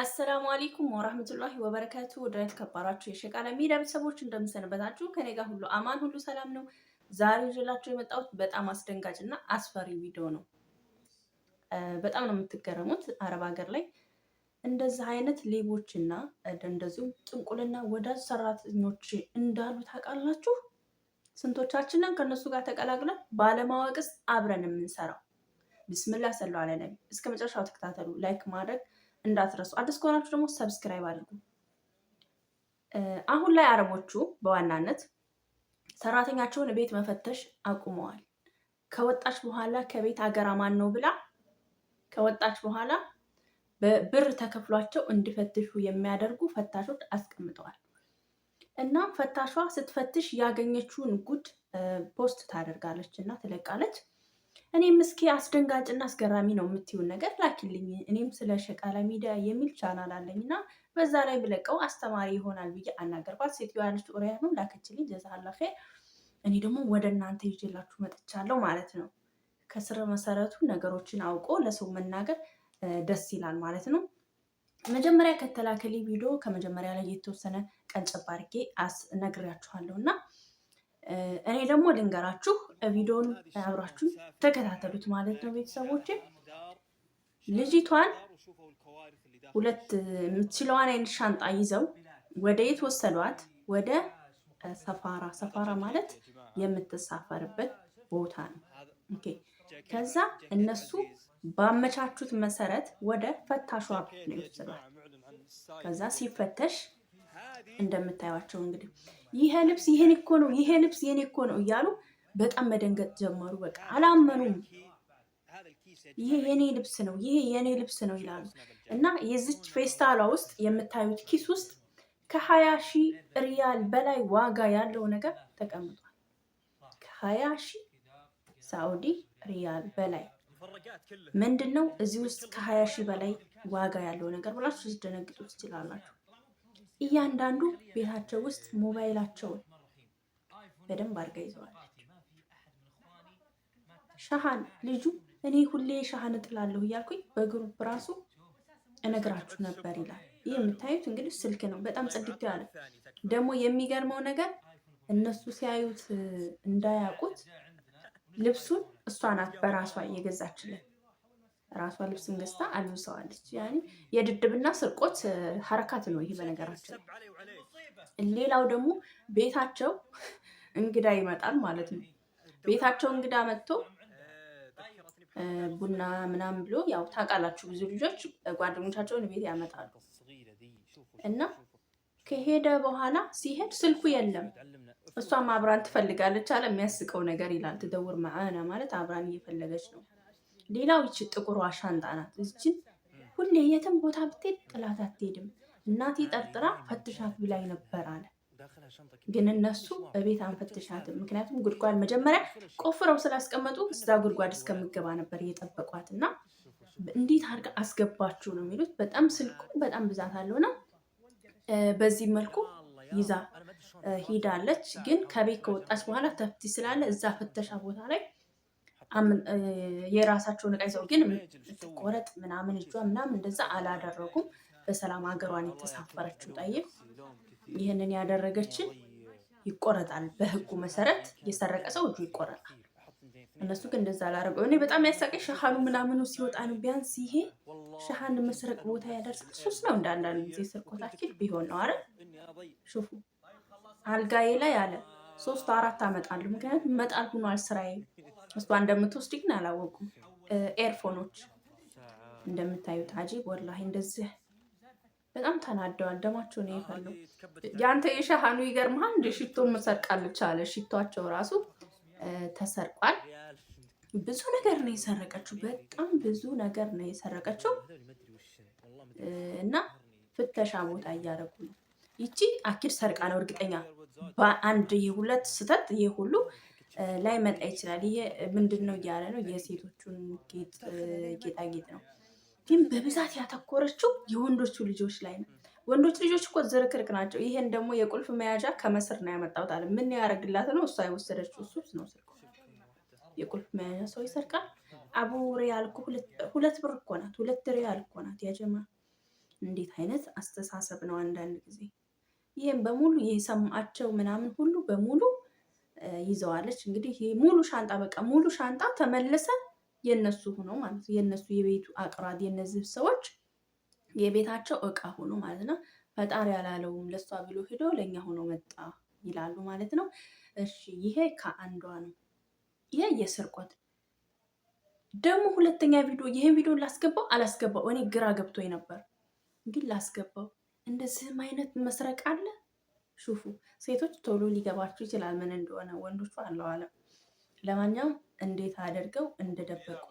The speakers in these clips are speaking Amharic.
አሰላሙ አለይኩም ወራህመቱላሂ ወበረካቱ። ወደ ተከበራችሁ የሸቃላ ሚዲያ ቤተሰቦች እንደምሰንበታችሁ፣ ከኔ ጋር ሁሉ አማን ሁሉ ሰላም ነው። ዛሬ ይዤላችሁ የመጣሁት በጣም አስደንጋጭ እና አስፈሪ ቪዲዮ ነው። በጣም ነው የምትገረሙት። አረብ ሀገር ላይ እንደዚህ አይነት ሌቦችና እንደዚሁም ጥንቁልና ወዳጅ ሰራተኞች እንዳሉ ታውቃላችሁ። ስንቶቻችንን ከእነሱ ጋር ተቀላቅለን ባለማወቅስ አብረን የምንሰራው። ቢስሚላህ ሰለላሁ ዐለይሂ እስከ መጨረሻው ተከታተሉ። ላይክ ማድረግ እንዳትረሱ። አዲስ ከሆናችሁ ደግሞ ሰብስክራይብ አድርጉ። አሁን ላይ አረቦቹ በዋናነት ሰራተኛቸውን ቤት መፈተሽ አቁመዋል። ከወጣች በኋላ ከቤት አገራ ማን ነው ብላ ከወጣች በኋላ በብር ተከፍሏቸው እንዲፈትሹ የሚያደርጉ ፈታሾች አስቀምጠዋል። እናም ፈታሿ ስትፈትሽ ያገኘችውን ጉድ ፖስት ታደርጋለች እና ትለቃለች። እኔም እስኪ አስደንጋጭና አስገራሚ ነው የምትይውን ነገር ላኪልኝ። እኔም ስለ ሸቃላ ሚዲያ የሚል ቻናል እና በዛ ላይ ብለቀው አስተማሪ ይሆናል ብዬ አናገርኳት። ሴትዮዋ ያለች ጦሪያኑ ላከችልኝ። ጀዛላፌ እኔ ደግሞ ወደ እናንተ ይዤላችሁ መጥቻለሁ ማለት ነው። ከስር መሰረቱ ነገሮችን አውቆ ለሰው መናገር ደስ ይላል ማለት ነው። መጀመሪያ ከተላከልኝ ቪዲዮ ከመጀመሪያ ላይ የተወሰነ ቀንጨብ አድርጌ ነግሬያችኋለሁ እና እኔ ደግሞ ልንገራችሁ፣ ቪዲዮን አብራችሁ ተከታተሉት ማለት ነው ቤተሰቦች። ልጅቷን ሁለት የምትችለዋን አይነት ሻንጣ ይዘው ወደ የት ወሰዷት? ወደ ሰፋራ። ሰፋራ ማለት የምትሳፈርበት ቦታ ነው። ከዛ እነሱ ባመቻቹት መሰረት ወደ ፈታሿ ነው የወሰዷት። ከዛ ሲፈተሽ እንደምታዩቸው እንግዲህ ይሄ ልብስ ይሄን እኮ ነው ይሄ ልብስ ይሄን እኮ ነው እያሉ በጣም መደንገጥ ጀመሩ። በቃ አላመኑም። ይሄ የኔ ልብስ ነው ይሄ የኔ ልብስ ነው ይላሉ እና የዚች ፌስታሏ ውስጥ የምታዩት ኪስ ውስጥ ከሀያ ሺህ ሪያል በላይ ዋጋ ያለው ነገር ተቀምጧል። ከሀያ ሺህ ሳዑዲ ሪያል በላይ ምንድን ነው እዚህ ውስጥ ከሀያ ሺህ በላይ ዋጋ ያለው ነገር ብላችሁ ልትደነግጡ ትችላላችሁ። እያንዳንዱ ቤታቸው ውስጥ ሞባይላቸውን በደንብ አድርጋ ይዘዋል። ሻሃን ልጁ እኔ ሁሌ ሻሃን እጥላለሁ እያልኩኝ በግሩፕ ራሱ እነግራችሁ ነበር ይላል። ይህ የምታዩት እንግዲህ ስልክ ነው። በጣም ጽድት ያለ ደግሞ የሚገርመው ነገር እነሱ ሲያዩት እንዳያውቁት ልብሱን እሷ ናት በራሷ እየገዛችለን ራሷ ልብስን ገዝታ አልብሰዋለች። ያኔ የድድብና ስርቆት ሀረካት ነው ይሄ በነገራችን። ሌላው ደግሞ ቤታቸው እንግዳ ይመጣል ማለት ነው። ቤታቸው እንግዳ መጥቶ ቡና ምናምን ብሎ ያው ታውቃላችሁ፣ ብዙ ልጆች ጓደኞቻቸውን ቤት ያመጣሉ እና ከሄደ በኋላ ሲሄድ ስልኩ የለም። እሷም አብራን ትፈልጋለች አለ። የሚያስቀው ነገር ይላል ትደውር መዓና ማለት አብራን እየፈለገች ነው ሌላው ይች ጥቁሯ ሻንጣ ናት። ይችን ሁሌ የትም ቦታ ብትሄድ ጥላት አትሄድም። እናቴ ጠርጥራ ፈትሻት ብላኝ ነበር አለ። ግን እነሱ በቤት አንፈትሻትም፣ ምክንያቱም ጉድጓድ መጀመሪያ ቆፍረው ስላስቀመጡ እዛ ጉድጓድ እስከምገባ ነበር እየጠበቋት እና እንዴት አድርጋ አስገባችሁ ነው የሚሉት። በጣም ስልኩ በጣም ብዛት አለውና በዚህ መልኩ ይዛ ሄዳለች። ግን ከቤት ከወጣች በኋላ ተፍቲ ስላለ እዛ ፍተሻ ቦታ ላይ የራሳቸውን እቃ ይዘው ግን ትቆረጥ ምናምን እጇ ምናምን እንደዛ አላደረጉም። በሰላም ሀገሯን የተሳፈረችው ጠይብ ይህንን ያደረገችን ይቆረጣል። በህጉ መሰረት የሰረቀ ሰው እጁ ይቆረጣል። እነሱ ግን እንደዛ አላደረገው። እኔ በጣም ያሳቀኝ ሻሃኑ ምናምኑ ሲወጣ ነው። ቢያንስ ይሄ ሻሃን መስረቅ ቦታ ያደርሳል። ሱስ ነው እንደ ጊዜ ስርቆታችን ቢሆን ነው። አረ ሹፉ አልጋዬ ላይ አለ ሶስት አራት አመጣለሁ። ምክንያቱም መጣል ሆኗል ስራዬ እሷ እንደምትወስድ ግን አላወቁም። ኤርፎኖች እንደምታዩት አጂብ ወላሂ እንደዚህ በጣም ተናደዋል። ደማቸው ነው ይፈሉ። የአንተ የሻሃኑ ይገርመሃል። እንደ ሽቶ መሰርቃለች አለ። ሽቷቸው ራሱ ተሰርቋል። ብዙ ነገር ነው የሰረቀችው። በጣም ብዙ ነገር ነው የሰረቀችው እና ፍተሻ ቦታ እያደረጉ ነው። ይቺ አኪድ ሰርቃ ነው እርግጠኛ። በአንድ የሁለት ስተት ይህ ሁሉ ላይ መጣ ይችላል። ይሄ ምንድን ነው እያለ ነው የሴቶቹን ጌጣጌጥ ነው። ግን በብዛት ያተኮረችው የወንዶቹ ልጆች ላይ ነው። ወንዶች ልጆች እኮ ዝርክርክ ናቸው። ይሄን ደግሞ የቁልፍ መያዣ ከመስር ነው ያመጣሁት አለ። ምን ያደርግላት ነው እሷ የወሰደችው እሱ ነው ስልኩ። የቁልፍ መያዣ ሰው ይሰርቃል። አቡ ሪያል እኮ ሁለት ብር እኮ ናት፣ ሁለት ሪያል እኮ ናት። ያጀማ እንዴት አይነት አስተሳሰብ ነው! አንዳንድ ጊዜ ይህም በሙሉ የሰማቸው ምናምን ሁሉ በሙሉ ይዘዋለች። እንግዲህ ሙሉ ሻንጣ በቃ ሙሉ ሻንጣ ተመለሰ የነሱ ሆኖ ማለት ነው። የነሱ የቤቱ አቅራቢ የነዚህ ሰዎች የቤታቸው እቃ ሆኖ ማለት ነው። ፈጣሪ ያላለውም ለእሷ ብሎ ሄዶ ለእኛ ሆኖ መጣ ይላሉ ማለት ነው። እሺ ይሄ ከአንዷ ነው። ይሄ የስርቆት ደግሞ ሁለተኛ ቪዲዮ ይሄን ቪዲዮ ላስገባው አላስገባው እኔ ግራ ገብቶኝ ነበር፣ ግን ላስገባው። እንደዚህም አይነት መስረቅ አለ ሹፉ ሴቶች ቶሎ ሊገባችሁ ይችላል ምን እንደሆነ ወንዶቹ አለው አለም። ለማንኛውም እንዴት አድርገው እንደደበቁ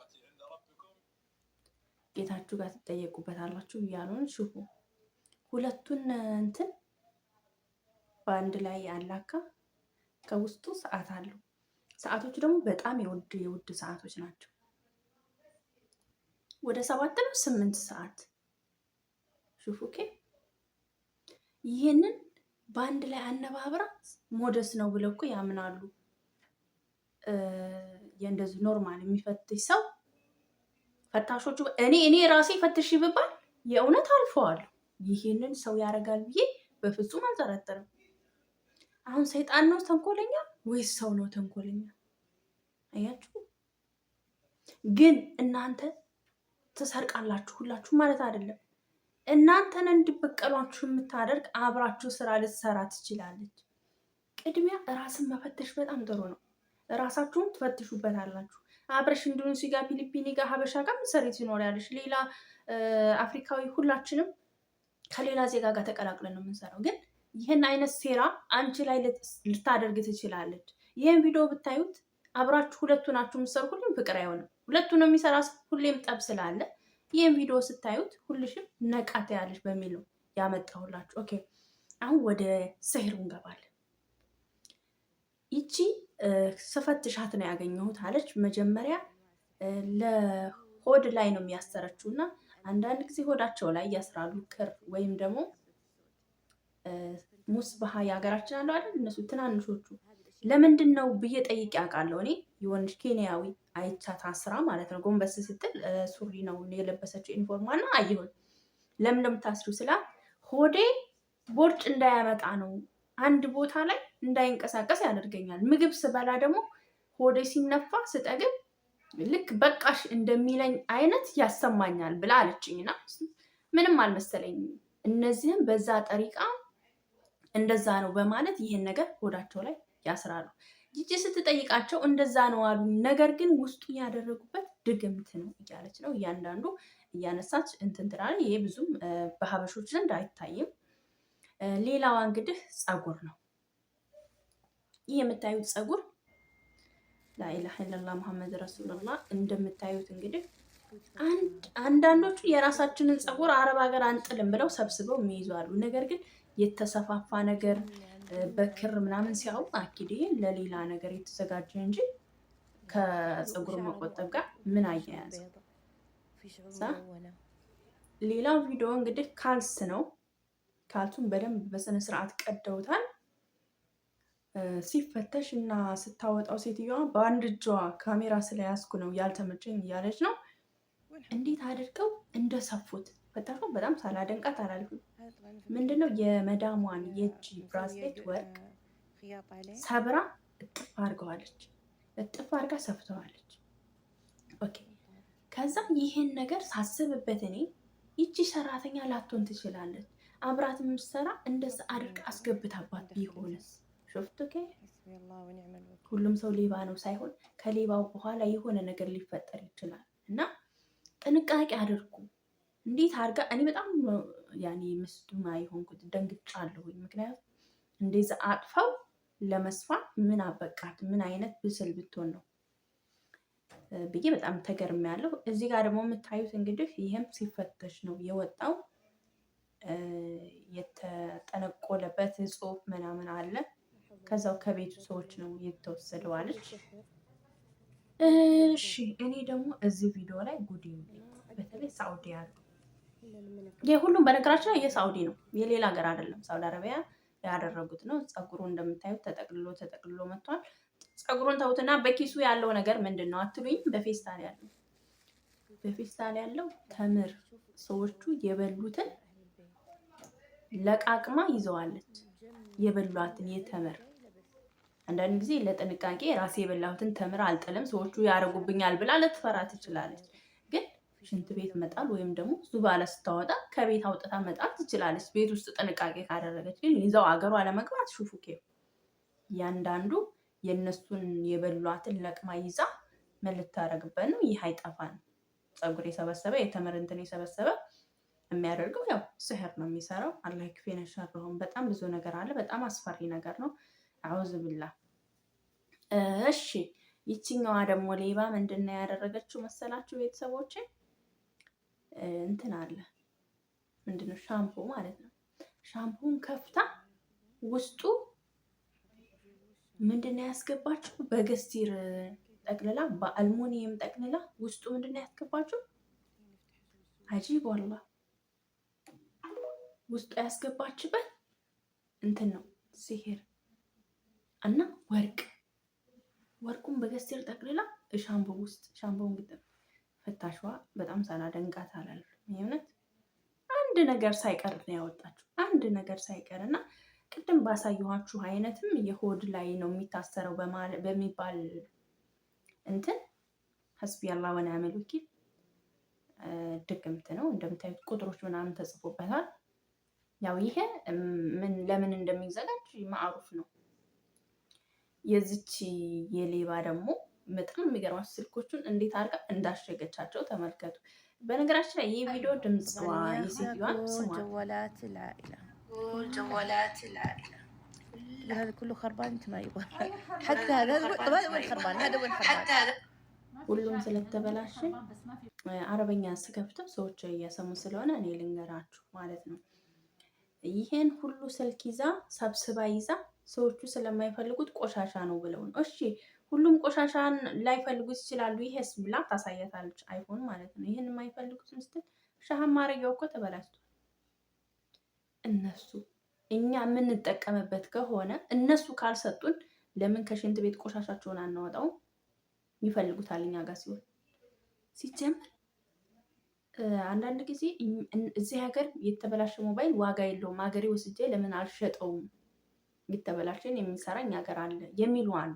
ጌታችሁ ጋር ትጠየቁበታላችሁ እያሉን ሹፉ ሁለቱን እንትን በአንድ ላይ አላካ ከውስጡ ሰዓት አሉ። ሰዓቶቹ ደግሞ በጣም የውድ የውድ ሰዓቶች ናቸው። ወደ ሰባት ነው ስምንት ሰዓት ሹፉኬ ይህንን በአንድ ላይ አነባብራ ሞደስ ነው ብለው እኮ ያምናሉ። የእንደዚህ ኖርማል የሚፈትሽ ሰው ፈታሾቹ እኔ እኔ ራሴ ፈትሽ ብባል የእውነት አልፈዋሉ። ይህንን ሰው ያደርጋል ብዬ በፍጹም አልጠረጠርም። አሁን ሰይጣን ነው ተንኮለኛ ወይስ ሰው ነው ተንኮለኛ? አያችሁ ግን እናንተ ትሰርቃላችሁ ሁላችሁ ማለት አይደለም። እናንተን እንዲበቀሏችሁ የምታደርግ አብራችሁ ስራ ልትሰራ ትችላለች። ቅድሚያ ራስን መፈተሽ በጣም ጥሩ ነው። ራሳችሁን ትፈትሹበታላችሁ። አብረሽ እንዲሁን ሲጋ ፊሊፒኒ ጋር፣ ሀበሻ ጋር ምሰሪ ትኖሪያለሽ። ሌላ አፍሪካዊ ሁላችንም ከሌላ ዜጋ ጋር ተቀላቅለን ነው የምንሰራው። ግን ይህን አይነት ሴራ አንቺ ላይ ልታደርግ ትችላለች። ይህን ቪዲዮ ብታዩት አብራችሁ ሁለቱ ናችሁ የምትሰሩ ሁሉም ፍቅር አይሆንም። ሁለቱ ነው የሚሰራ ሁሌም ጠብ ስላለ ይህን ቪዲዮ ስታዩት ሁልሽም ነቃት ያለች በሚል ነው ያመጣሁላችሁ። ኦኬ አሁን ወደ ስሄሩ እንገባለን። ይቺ ስፈትሻት ነው ያገኘሁት አለች። መጀመሪያ ለሆድ ላይ ነው የሚያሰረችው እና አንዳንድ ጊዜ ሆዳቸው ላይ ያስራሉ ክር ወይም ደግሞ ሙስ ባህ የሀገራችን አለው አይደል? እነሱ ትናንሾቹ ለምንድን ነው ብዬ ጠይቄ አውቃለሁ። እኔ የሆነች ኬንያዊ አይቻት ታስራ ማለት ነው። ጎንበስ ስትል ሱሪ ነው የለበሰችው ዩኒፎርማና አይሁን ለምን እንደምታስሪው ስላ ሆዴ ቦርጭ እንዳያመጣ ነው። አንድ ቦታ ላይ እንዳይንቀሳቀስ ያደርገኛል። ምግብ ስበላ ደግሞ ሆዴ ሲነፋ ስጠግብ ልክ በቃሽ እንደሚለኝ አይነት ያሰማኛል ብላ አለችኝና ምንም አልመሰለኝም። እነዚህም በዛ ጠሪቃ እንደዛ ነው በማለት ይህን ነገር ሆዳቸው ላይ ያስራሉ። ጂጂ ስትጠይቃቸው እንደዛ ነው አሉ። ነገር ግን ውስጡ ያደረጉበት ድግምት ነው እያለች ነው እያንዳንዱ እያነሳች እንትን ትላለች። ይሄ ብዙም በሀበሾች ዘንድ አይታይም። ሌላዋ እንግዲህ ጸጉር ነው። ይህ የምታዩት ጸጉር ላኢላሀ ኢለላህ መሐመድ ረሱሉላህ። እንደምታዩት እንግዲህ አንዳንዶቹ የራሳችንን ጸጉር አረብ ሀገር አንጥልም ብለው ሰብስበው የሚይዙ አሉ። ነገር ግን የተሰፋፋ ነገር በክር ምናምን ሲያው አኪዴ ለሌላ ነገር የተዘጋጀ እንጂ ከፀጉር መቆጠብ ጋር ምን አያያዘ? ሌላው ቪዲዮ እንግዲህ ካልስ ነው። ካልሱን በደንብ በስነ ስርዓት ቀደውታል። ሲፈተሽ እና ስታወጣው ሴትዮዋ በአንድ እጇ ካሜራ ስለያዝኩ ነው ያልተመቸኝ እያለች ነው። እንዴት አድርገው እንደሰፉት በተረፈ በጣም ሳላደንቃት አላልኩም። ምንድነው የመዳሟን የእጅ ብራስሌት ወርቅ ሰብራ እጥፍ አድርገዋለች። እጥፍ አድርጋ ሰፍተዋለች። ኦኬ። ከዛ ይህን ነገር ሳስብበት እኔ ይቺ ሰራተኛ ላትሆን ትችላለች። አብራት የምትሰራ እንደዛ አድርጋ አስገብታባት ቢሆንስ? ሾፍቱ ሁሉም ሰው ሌባ ነው ሳይሆን ከሌባው በኋላ የሆነ ነገር ሊፈጠር ይችላል እና ጥንቃቄ አድርጉ። እንዴት አድርጋ እኔ በጣም ያኔ ምስቱን አይሆንኩት ደንግጫለሁኝ። ምክንያቱ እንደዛ አጥፋው ለመስፋት ምን አበቃት? ምን አይነት ብስል ብትሆን ነው ብዬ በጣም ተገርሜያለሁ። እዚህ ጋር ደግሞ የምታዩት እንግዲህ ይህም ሲፈተሽ ነው የወጣው። የተጠነቆለበት ጽሑፍ ምናምን አለ። ከዛው ከቤቱ ሰዎች ነው የተወሰደው አለች። እሺ እኔ ደግሞ እዚህ ቪዲዮ ላይ ጉድ በተለይ ሳውዲ ያሉ ይህ ሁሉም በነገራችን ላይ የሳውዲ ነው፣ የሌላ ሀገር አይደለም። ሳውዲ አረቢያ ያደረጉት ነው። ጸጉሩ እንደምታዩት ተጠቅልሎ ተጠቅልሎ መጥቷል። ጸጉሩን ተውትና በኪሱ ያለው ነገር ምንድን ነው አትሉኝ? በፌስታል ያለው በፌስታል ያለው ተምር ሰዎቹ የበሉትን ለቃቅማ ይዘዋለች። የበሏትን የተምር አንዳንድ ጊዜ ለጥንቃቄ ራሴ የበላሁትን ተምር አልጥልም ሰዎቹ ያደርጉብኛል ብላ ልትፈራ ትችላለች። ሽንት ቤት መጣል ወይም ደግሞ ዙባላ ስታወጣ ከቤት አውጥታ መጣል ትችላለች። ቤት ውስጥ ጥንቃቄ ካደረገች ግን ይዛው አገሯ ለመግባት ሹፉኬ እያንዳንዱ የእነሱን የበሏትን ለቅማ ይዛ ምን ልታደርግበት ነው? ይህ አይጠፋ ነው። ፀጉር የሰበሰበ የተምር እንትን የሰበሰበ የሚያደርገው ያው ስሕር ነው የሚሰራው። አላህ ክፌን ሸርሁም በጣም ብዙ ነገር አለ። በጣም አስፈሪ ነገር ነው። አውዝ ብላ። እሺ ይችኛዋ ደግሞ ሌባ ምንድን ነው ያደረገችው መሰላችሁ ቤተሰቦችን እንትን አለ ምንድነው ሻምፖ ማለት ነው። ሻምፖን ከፍታ ውስጡ ምንድነው ያስገባችው? በገስቲር ጠቅልላ በአልሙኒየም ጠቅልላ ውስጡ ምንድነው ያስገባችው? አጂብ ዋላ ውስጡ ያስገባችበት እንትን ነው ሲሄር እና ወርቅ ወርቁን በገስቲር ጠቅልላ ሻምፖ ውስጥ ሻምፖን ግጥም ተከሳሿ በጣም ሳላደንቃት አላልፍም። የእውነት አንድ ነገር ሳይቀር ነው ያወጣችሁ፣ አንድ ነገር ሳይቀር እና ቅድም ባሳየኋችሁ አይነትም የሆድ ላይ ነው የሚታሰረው በሚባል እንትን ህስቢ ያላ ወና ያመል ድግምት ነው እንደምታዩት፣ ቁጥሮች ምናምን ተጽፎበታል። ያው ይሄ ምን ለምን እንደሚዘጋጅ ማዕሩፍ ነው። የዚች የሌባ ደግሞ በጣም የሚገርማቸው ስልኮቹን እንዴት አድርጋ እንዳሸገቻቸው ተመልከቱ። በነገራችን ላይ ይህ ቪዲዮ ድምፅዋ የሴትዮዋን ስሟል هذا كله خربان انت ما يبغى حتى هذا هذا وين خربان هذا وين خربان ሁሉም ስለተበላሸ አረበኛ ስከፍትም ሰዎች እያሰሙ ስለሆነ እኔ ልንገራችሁ ማለት ነው። ይሄን ሁሉ ስልክ ይዛ ሰብስባ ይዛ ሰዎቹ ስለማይፈልጉት ቆሻሻ ነው ብለው ነው እሺ ሁሉም ቆሻሻን ላይፈልጉት ይችላሉ። ይሄስ ብላ ታሳያታለች። አይፎን ማለት ነው። ይህን የማይፈልጉት ስትል ሻህን ማድረጊያው እኮ ተበላሽቷል። እነሱ እኛ የምንጠቀምበት ከሆነ እነሱ ካልሰጡን ለምን ከሽንት ቤት ቆሻሻቸውን አናወጣውም? ይፈልጉታል እኛ ጋር ሲሆን ሲጀምር አንዳንድ ጊዜ እዚህ ሀገር የተበላሸ ሞባይል ዋጋ የለውም፣ ሀገሬ ወስጄ ለምን አልሸጠውም? የተበላሸን የሚሰራ እኛ ሀገር አለ የሚሉ አሉ።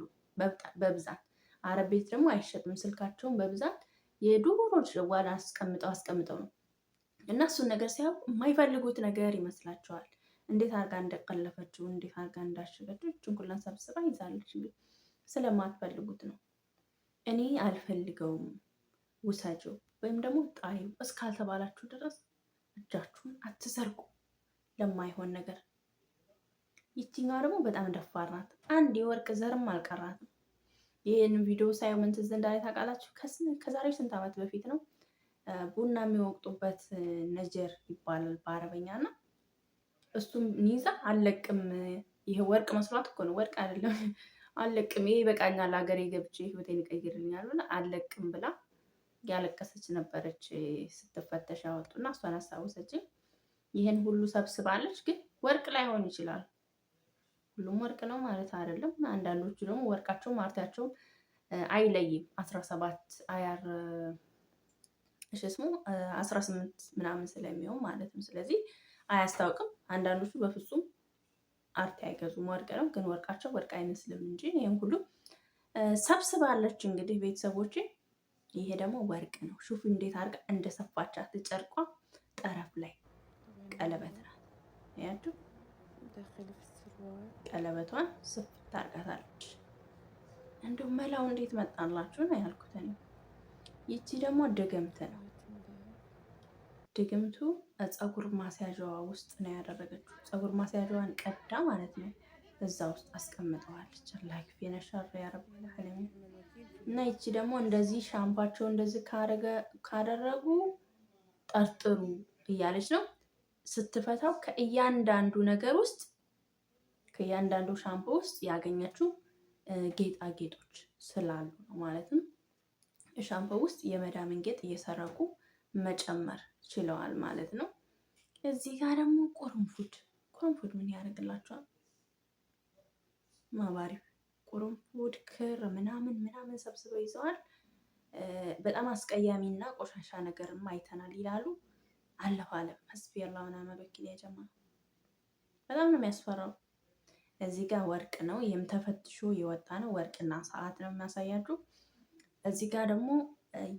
በብዛት አረብ ቤት ደግሞ አይሸጥም። ስልካቸውን በብዛት የዱሮ ዋላ አስቀምጠው አስቀምጠው ነው እና እሱን ነገር ሲያዩ የማይፈልጉት ነገር ይመስላቸዋል። እንዴት አርጋ እንደቀለፈችው እንዴት አርጋ እንዳሸገችው ችንኩላን ሰብስባ ይዛለች። ስለማትፈልጉት ነው። እኔ አልፈልገውም ውሰጂው ወይም ደግሞ ጣዩ እስካልተባላችሁ ድረስ እጃችሁን አትዘርጉ ለማይሆን ነገር ይችኛዋ ደግሞ በጣም ደፋር ናት። አንድ የወርቅ ዘርም አልቀራትም። ይህን ቪዲዮ ሳይ ምን ትዝ እንዳለ ታውቃላችሁ? ከዛሬው ስንት ዓመት በፊት ነው ቡና የሚወቅጡበት ነጀር ይባላል በአረበኛ እና እሱም ኒዛ አለቅም። ይሄ ወርቅ መስሏት እኮ ነው፣ ወርቅ አይደለም። አለቅም፣ ይሄ ይበቃኛል፣ ሀገሬ ገብቼ ህይወቴን ይቀይርልኛል ብላ አለቅም ብላ ያለቀሰች ነበረች። ስትፈተሽ ያወጡና እሷን አስታወሰችኝ። ይህን ሁሉ ሰብስባለች፣ ግን ወርቅ ላይሆን ይችላል ሁሉም ወርቅ ነው ማለት አይደለም። አንዳንዶቹ ደግሞ ወርቃቸው ማርታቸው አይለይም። አስራ ሰባት አያር እሺ ስሙ አስራ ስምንት ምናምን ስለሚሆን ማለት ነው። ስለዚህ አያስታውቅም። አንዳንዶቹ በፍጹም አርቴ አይገዙም። ወርቅ ነው ግን ወርቃቸው ወርቅ አይመስልም እንጂ ይህም ሁሉ ሰብስባለች። እንግዲህ ቤተሰቦች ይሄ ደግሞ ወርቅ ነው። ሹፍ እንዴት አድርጋ እንደሰፋቻት ጨርቋ ጠረፍ ላይ ቀለበት ናት ያችሁ ቀለበቷን ስፍት ታርጋታለች። እንዲሁ መላው እንዴት መጣላችሁ ነው ያልኩት። ይቺ ደግሞ ድግምት ነው። ድግምቱ ፀጉር ማስያዣዋ ውስጥ ነው ያደረገችው። ፀጉር ማስያዣዋን ቀዳ ማለት ነው እዛ ውስጥ አስቀምጠዋለች። ላይክ ፌነሻር ያረባል እና ይቺ ደግሞ እንደዚህ ሻምፓቸው እንደዚህ ካደረጉ ጠርጥሩ እያለች ነው ስትፈታው ከእያንዳንዱ ነገር ውስጥ እያንዳንዱ ሻምፖ ውስጥ ያገኘችው ጌጣጌጦች ስላሉ ነው ማለት ሻምፖ ውስጥ የመዳምን ጌጥ እየሰረቁ መጨመር ችለዋል ማለት ነው። እዚህ ጋር ደግሞ ቁርንፉድ ቁርንፉድ ምን ያደርግላቸዋል? ማባሪ ቁርንፉድ ክር ምናምን ምናምን ሰብስበው ይዘዋል። በጣም አስቀያሚ እና ቆሻሻ ነገር አይተናል ይላሉ። አለሁ አለም ህዝብ ያለውን አመሎኪን ያጀማ በጣም ነው የሚያስፈራው። እዚህ ጋር ወርቅ ነው። ይህም ተፈትሾ የወጣ ነው። ወርቅና ሰዓት ነው የሚያሳያችሁ። እዚህ ጋር ደግሞ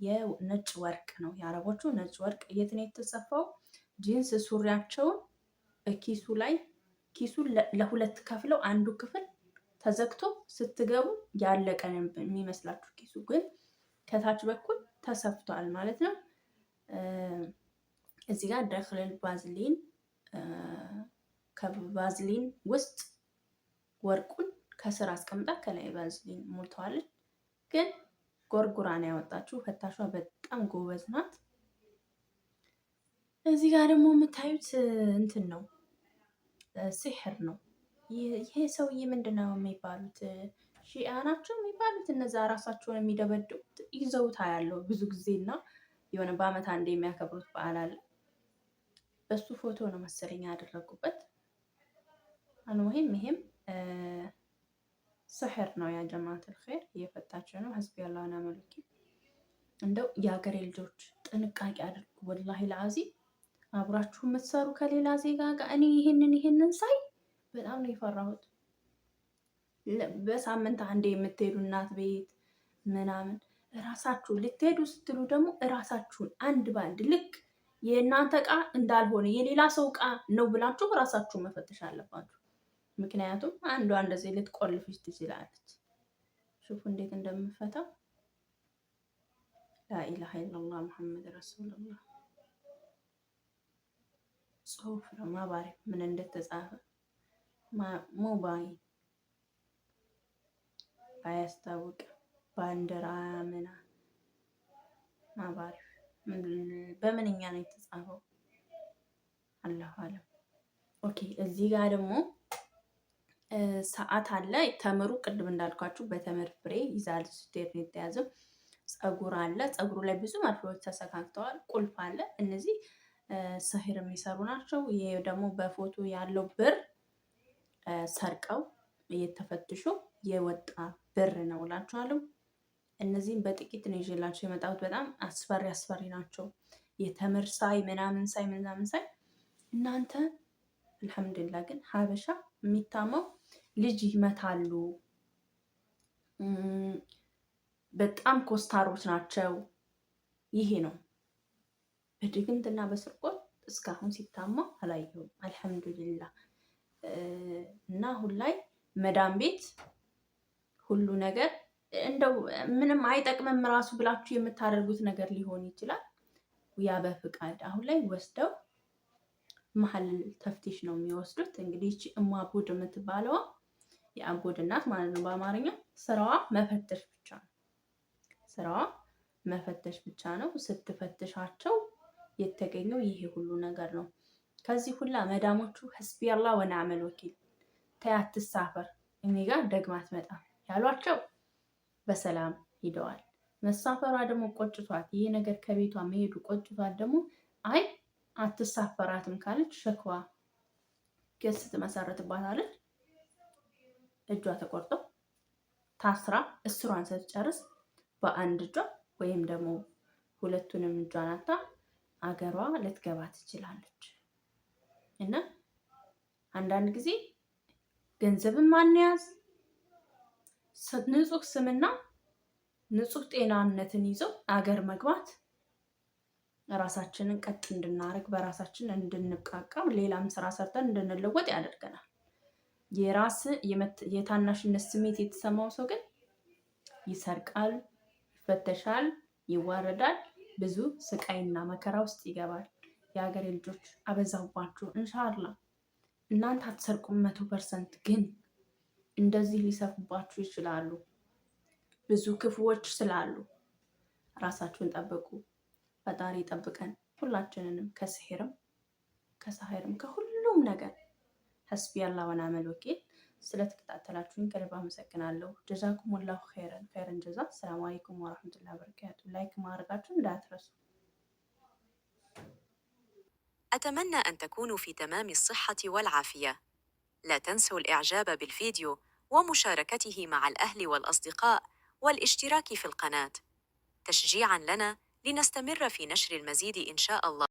የነጭ ወርቅ ነው። የአረቦቹ ነጭ ወርቅ የት ነው የተሰፋው? ጂንስ ሱሪያቸውን ኪሱ ላይ ኪሱን ለሁለት ከፍለው አንዱ ክፍል ተዘግቶ ስትገቡ ያለቀ የሚመስላችሁ ኪሱ ግን ከታች በኩል ተሰፍቷል ማለት ነው። እዚህ ጋር ደክልል ባዝሊን ከባዝሊን ውስጥ ወርቁን ከስር አስቀምጣ ከላይ ባዝሊን ሞልተዋለች። ግን ጎርጉራ ነው ያወጣችው። ፈታሿ በጣም ጎበዝ ናት። እዚህ ጋር ደግሞ የምታዩት እንትን ነው፣ ሲሕር ነው። ይሄ ሰውዬ ምንድን ነው የሚባሉት? ሺአ ናቸው የሚባሉት እነዛ ራሳቸውን የሚደበድቡት ይዘውታ ያለው ብዙ ጊዜ እና የሆነ በአመት አንድ የሚያከብሩት በዓል አለ። በሱ ፎቶ ነው መሰለኝ ያደረጉበት። አንወይም ይሄም ስሕር ነው። ያ ጀማዓተል ኸይር እየፈታችሁ ነው። ህዝብ ያላውን አመልኪ እንደው የሀገሬ ልጆች ጥንቃቄ አድርጉ። ወላሂ ለአዚ አብራችሁ የምትሰሩ ከሌላ ዜጋ ጋር እኔ ይህንን ይህንን ሳይ በጣም ነው የፈራሁት። በሳምንት አንዴ የምትሄዱ እናት ቤት ምናምን እራሳችሁ ልትሄዱ ስትሉ ደግሞ እራሳችሁን አንድ በአንድ ልክ የእናንተ እቃ እንዳልሆነ የሌላ ሰው እቃ ነው ብላችሁ እራሳችሁን መፈተሽ አለባችሁ። ምክንያቱም አንዷ እንደዚህ ልትቆልፍሽ ትችላለች። ሹፉ እንዴት እንደምፈታው። ላኢላሃ ኢለላ ሙሐመድ ረሱሉላህ። ጽሁፍ ነው ማባሪ ምን እንደተጻፈ ሞባይል አያስታውቅም። ባንዲራ ምና ማባሪ በምንኛ ነው የተጻፈው? አላሁ አለም። ኦኬ እዚህ ጋር ደግሞ ሰዓት አለ። ተምሩ ቅድም እንዳልኳችሁ በተምር ፍሬ ይዛል ስትሄድ ነው የተያዘው። ጸጉር አለ። ጸጉሩ ላይ ብዙ መርፌዎች ተሰካክተዋል። ቁልፍ አለ። እነዚህ ሰሄር የሚሰሩ ናቸው። ይሄ ደግሞ በፎቶ ያለው ብር ሰርቀው እየተፈትሹ የወጣ ብር ነው እላችኋለሁ። እነዚህም በጥቂት ነው ይዤላቸው የመጣሁት። በጣም አስፈሪ አስፈሪ ናቸው። የተምር ሳይ ምናምን ሳይ ምናምን ሳይ እናንተ አልሐምዱሊላህ ግን ሀበሻ የሚታመው ልጅ ይመታሉ፣ በጣም ኮስታሮች ናቸው። ይሄ ነው። በድግምትና በስርቆት እስካሁን ሲታማ አላየሁም፣ አልሐምዱሊላ። እና አሁን ላይ መዳም ቤት ሁሉ ነገር እንደው ምንም አይጠቅምም ራሱ ብላችሁ የምታደርጉት ነገር ሊሆን ይችላል። ያ በፍቃድ አሁን ላይ ወስደው መሀል ተፍቲሽ ነው የሚወስዱት። እንግዲህ እቺ እማቦድ የምትባለዋ የአጎድ እናት ማለት ነው። በአማርኛ ስራዋ መፈተሽ ብቻ ነው። ስራዋ መፈተሽ ብቻ ነው። ስትፈትሻቸው የተገኘው ይሄ ሁሉ ነገር ነው። ከዚህ ሁላ መዳሞቹ ህስቢ አላ ወናመል ወኪል ተያትሳፈር እኔ ጋር ደግማት መጣ ያሏቸው በሰላም ሂደዋል። መሳፈሯ ደግሞ ቆጭቷት ይሄ ነገር ከቤቷ መሄዱ ቆጭቷት ደግሞ አይ አትሳፈራትም ካለች ሸክዋ ክስ ትመሰርትባታለች። እጇ ተቆርጦ ታስራ እስሯን ስትጨርስ በአንድ እጇ ወይም ደግሞ ሁለቱንም እጇን አታ አገሯ ልትገባ ትችላለች። እና አንዳንድ ጊዜ ገንዘብን ማንያዝ ንጹህ ስምና ንጹህ ጤናነትን ይዞ አገር መግባት ራሳችንን ቀጥ እንድናደርግ በራሳችን እንድንቃቃም ሌላም ስራ ሰርተን እንድንለወጥ ያደርገናል። የራስ የታናሽነት ስሜት የተሰማው ሰው ግን ይሰርቃል፣ ይፈተሻል፣ ይዋረዳል፣ ብዙ ስቃይና መከራ ውስጥ ይገባል። የሀገሬ ልጆች አበዛባችሁ። እንሻላ እናንተ አትሰርቁም መቶ ፐርሰንት፣ ግን እንደዚህ ሊሰፉባችሁ ይችላሉ። ብዙ ክፉዎች ስላሉ ራሳችሁን ጠብቁ። ፈጣሪ ጠብቀን ሁላችንንም ከስሄርም ከሳሄርም ከሁሉም ነገር ሐስቢ ያላ ወነዕመል ወኪል። ስለተከታተላችሁኝ ከልብ አመሰግናለሁ። ጀዛኩም ላሁ ኸይረን ኸይረን ጀዛ። ሰላም አለይኩም ወራህመቱላሂ ወበረካቱ። ላይክ ማድረጋችሁ እንዳትረሱ። أتمنى أن تكونوا في تمام الصحة والعافية. لا تنسوا الإعجاب بالفيديو ومشاركته مع الأهل والأصدقاء والاشتراك في القناة تشجيعا لنا لنستمر في نشر المزيد إن شاء الله